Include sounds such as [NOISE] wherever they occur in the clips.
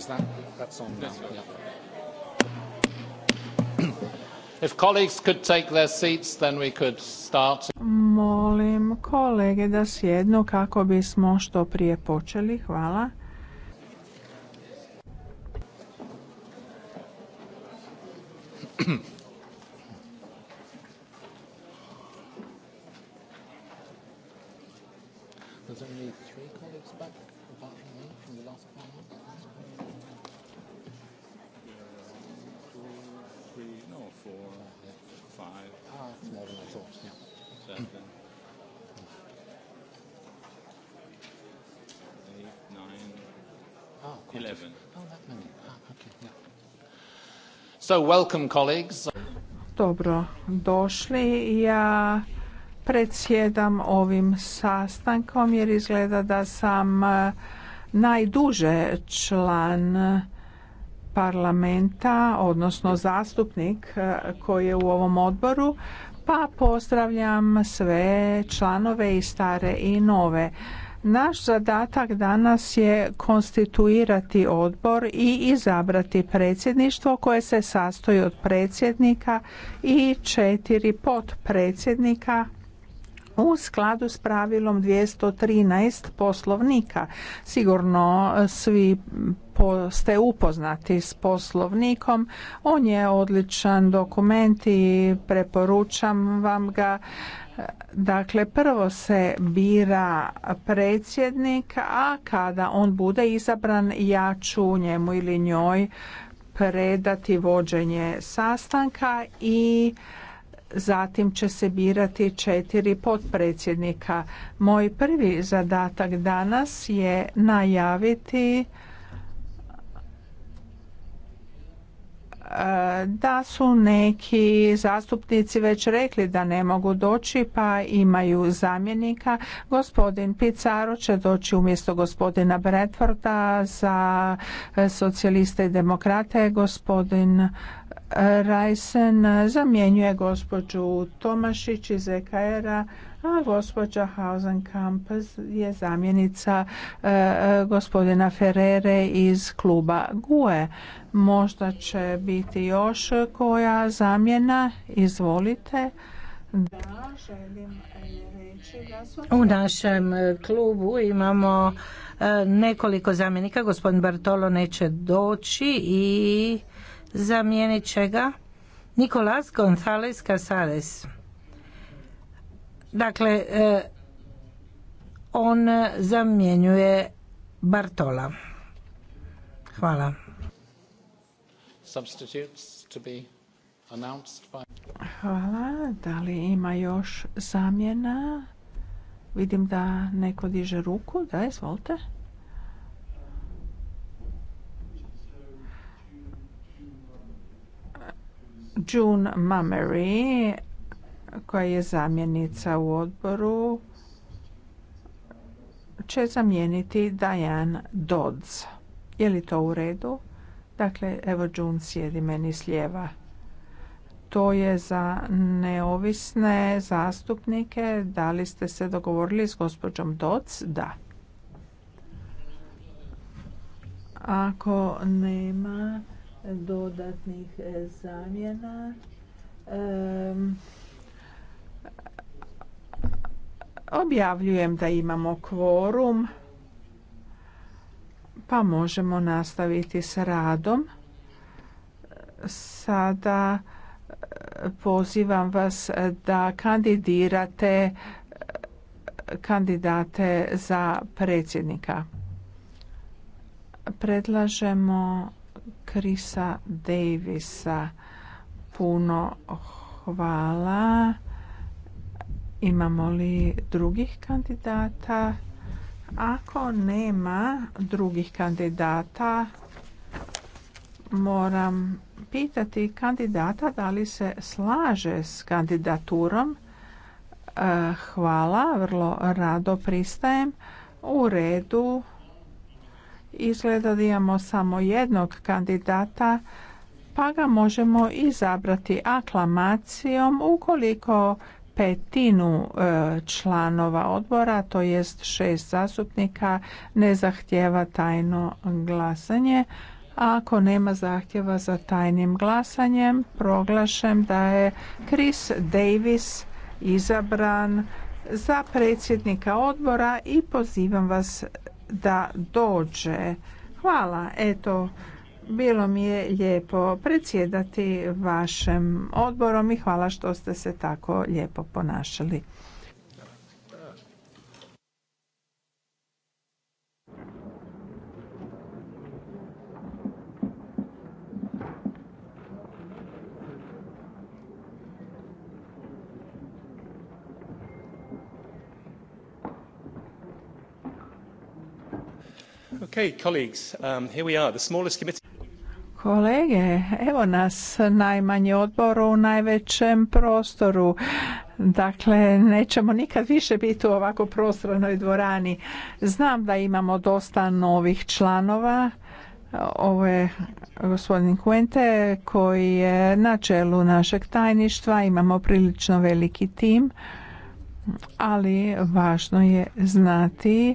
Is that that's on now? Yeah. [CLEARS THROAT] If colleagues could take their seats, then we could start. Molim kolege da sjednu kako bismo što prije počeli. Hvala. There's only three colleagues back, apart from me, from the last panel. no, Ah, more than I thought, yeah. Seven. Oh, so, welcome, colleagues. Dobro, došli. Ja predsjedam ovim sastankom jer izgleda da sam e, najduže član parlamenta, odnosno zastupnik e, koji je u ovom odboru, pa pozdravljam sve članove i stare i nove. Naš zadatak danas je konstituirati odbor i izabrati predsjedništvo koje se sastoji od predsjednika i četiri potpredsjednika u skladu s pravilom 213 poslovnika. Sigurno eh, svi ste upoznati s poslovnikom. On je odličan dokument i preporučam vam ga. Eh, dakle, prvo se bira predsjednik, a kada on bude izabran, ja ću njemu ili njoj predati vođenje sastanka i Zatim će se birati četiri potpredsjednika. Moj prvi zadatak danas je najaviti e, da su neki zastupnici već rekli da ne mogu doći pa imaju zamjenika. Gospodin Picaro će doći umjesto gospodina Bradforda za socijaliste i demokrate. Gospodin Rajsen zamjenjuje gospođu Tomašić iz EKR-a, a gospođa Hausenkamp je zamjenica e, gospodina Ferrere iz kluba GUE. Možda će biti još koja zamjena. Izvolite. Da, U našem klubu imamo e, nekoliko zamjenika. Gospodin Bartolo neće doći i zamijenit će ga Nikolas González Casares. Dakle, e, on zamjenjuje Bartola. Hvala. Hvala. Da li ima još zamjena? Vidim da neko diže ruku. Da, izvolite. June Mamery, koja je zamjenica u odboru, će zamijeniti Diane Dodds. Je li to u redu? Dakle, evo June sjedi meni s lijeva. To je za neovisne zastupnike. Da li ste se dogovorili s gospođom Dodds? Da. Ako nema dodatnih e, zamjena. Objavljujem da imamo kvorum, pa možemo nastaviti s radom. Sada e, pozivam vas da kandidirate e, kandidate za predsjednika. Predlažemo Krisa Davisa. Puno hvala. Imamo li drugih kandidata? Ako nema drugih kandidata, moram pitati kandidata da li se slaže s kandidaturom. Eh, hvala, vrlo rado pristajem. U redu, Izgleda da imamo samo jednog kandidata, pa ga možemo izabrati aklamacijom ukoliko petinu e, članova odbora, to jest šest zastupnika, ne zahtjeva tajno glasanje. ako nema zahtjeva za tajnim glasanjem, proglašem da je Chris Davis izabran za predsjednika odbora i pozivam vas da dođe. Hvala, eto, bilo mi je lijepo predsjedati vašem odborom i hvala što ste se tako lijepo ponašali. Um, Kolege, evo nas najmanje odbor u najvećem prostoru. Dakle, nećemo nikad više biti u ovako prostranoj dvorani. Znam da imamo dosta novih članova. Ovo je gospodin Quente koji je na čelu našeg tajništva. Imamo prilično veliki tim ali važno je znati e,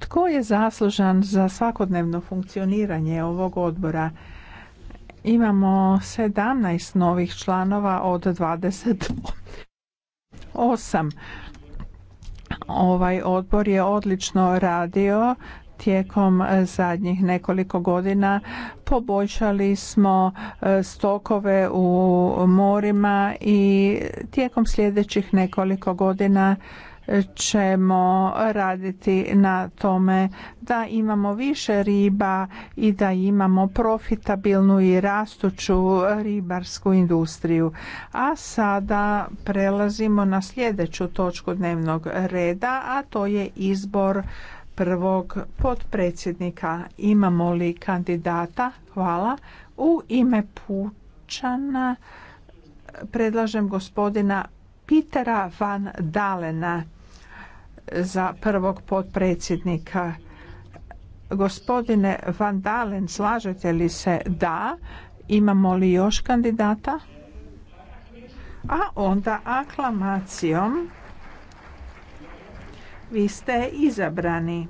tko je zaslužan za svakodnevno funkcioniranje ovog odbora. Imamo 17 novih članova od osam. Ovaj odbor je odlično radio tijekom e, zadnjih nekoliko godina poboljšali smo e, stokove u morima i tijekom sljedećih nekoliko godina e, ćemo raditi na tome da imamo više riba i da imamo profitabilnu i rastuću ribarsku industriju. A sada prelazimo na sljedeću točku dnevnog reda, a to je izbor prvog potpredsjednika. Imamo li kandidata? Hvala. U ime Pučana predlažem gospodina Pitera Van Dalena za prvog potpredsjednika. Gospodine Van Dalen, slažete li se da? Imamo li još kandidata? A onda aklamacijom vi ste izabrani.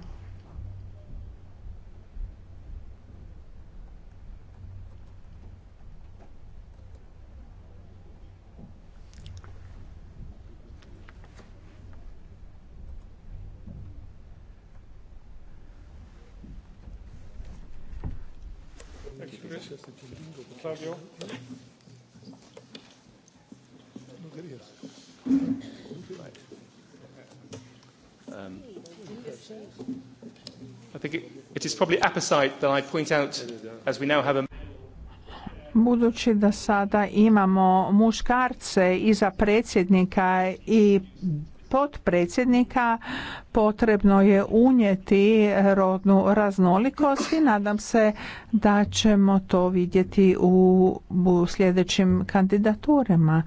Budući da sada imamo muškarce iza predsjednika i potpredsjednika potrebno je unijeti rodnu raznolikost i nadam se da ćemo to vidjeti u sljedećim kandidaturama.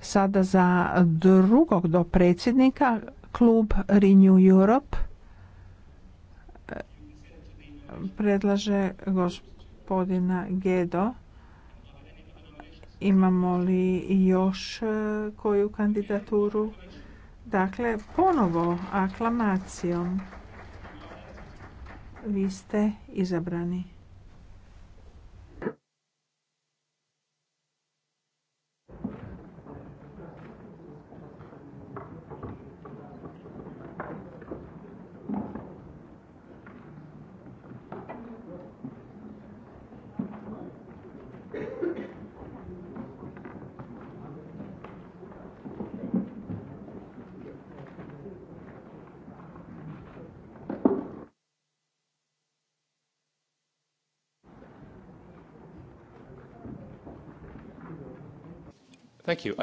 Sada za drugog do predsjednika klub Renew Europe predlaže gospodina Gedo. Imamo li još e, koju kandidaturu? Dakle, ponovo aklamacijom vi ste izabrani. Thank you.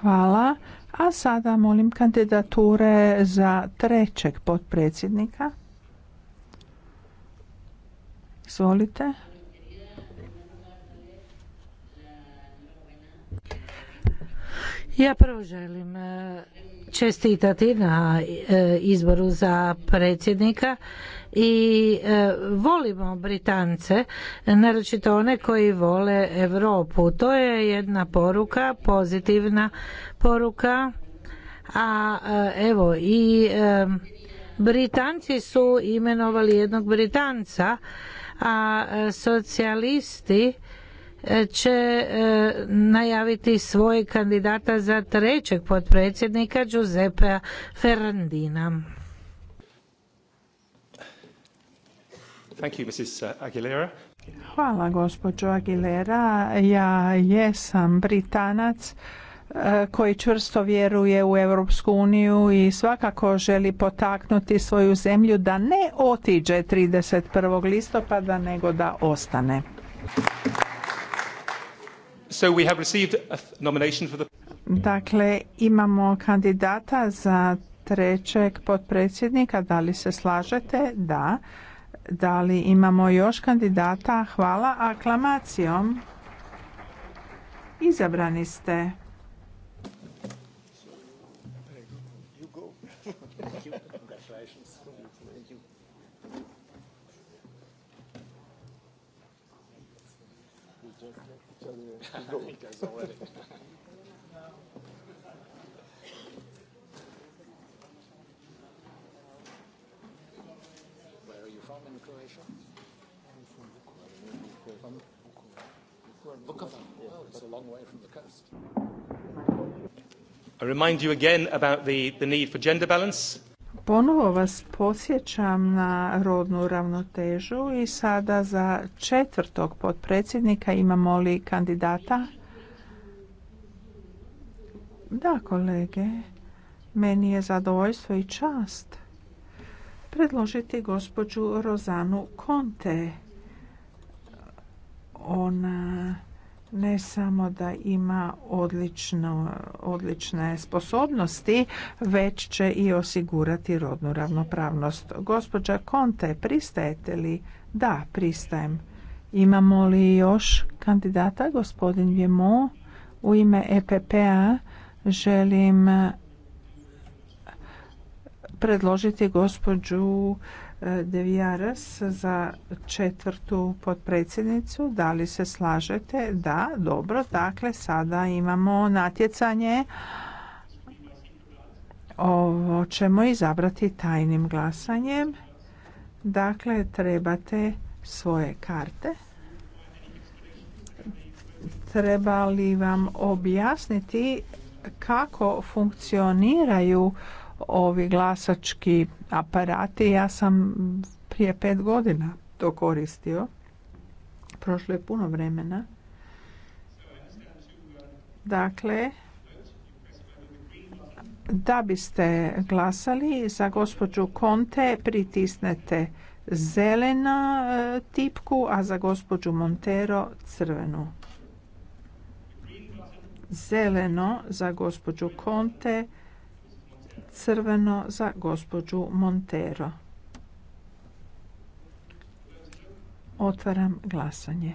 Hvala. A sada molim kandidature za trećeg potpredsjednika. Izvolite. Ja prvo želim eh, čestitati na e, izboru za predsjednika i e, volimo Britance, naročito one koji vole Europu. To je jedna poruka, pozitivna poruka. A e, evo i Britanci su imenovali jednog Britanca, a socijalisti će e, najaviti svoj kandidata za trećeg potpredsjednika Giuseppe Ferrandina. Thank you, Mrs. Uh, Aguilera. Hvala gospođo Aguilera. Ja jesam Britanac e, koji čvrsto vjeruje u Europsku uniju i svakako želi potaknuti svoju zemlju da ne otiđe 31. listopada nego da ostane. Dakle, imamo kandidata za trećeg potpredsjednika. Da li se slažete? Da. Da li imamo još kandidata? Hvala aklamacijom. Izabrani ste. Where are you from in Croatia? I'm from Vukovar. From Vukovar. Oh, it's a long way from the coast. I remind you again about the, the need for gender balance Ponovo vas posjećam na rodnu ravnotežu i sada za četvrtog potpredsjednika imamo li kandidata? Da, kolege, meni je zadovoljstvo i čast predložiti gospođu Rozanu Konte. Ona ne samo da ima odlično, odlične sposobnosti, već će i osigurati rodnu ravnopravnost. Gospođa Konte, pristajete li? Da, pristajem. Imamo li još kandidata? Gospodin Vjemo u ime EPP-a želim predložiti gospođu Devijaras za četvrtu potpredsjednicu. Da li se slažete? Da, dobro. Dakle, sada imamo natjecanje. Ovo ćemo izabrati tajnim glasanjem. Dakle, trebate svoje karte. Treba li vam objasniti kako funkcioniraju ovi glasački aparati. Ja sam prije pet godina to koristio. Prošlo je puno vremena. Dakle, da biste glasali za gospođu Conte, pritisnete zelena e, tipku, a za gospođu Montero crvenu. Zeleno za gospođu Konte, crveno za gospođu Montero. Otvaram glasanje.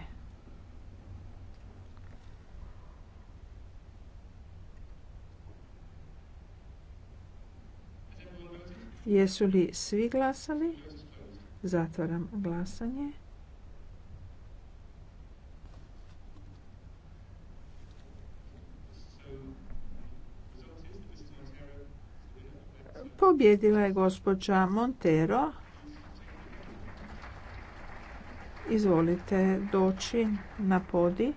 Jesu li svi glasali? Zatvaram glasanje. Pobjedila je gospođa Montero. Izvolite doći na podi.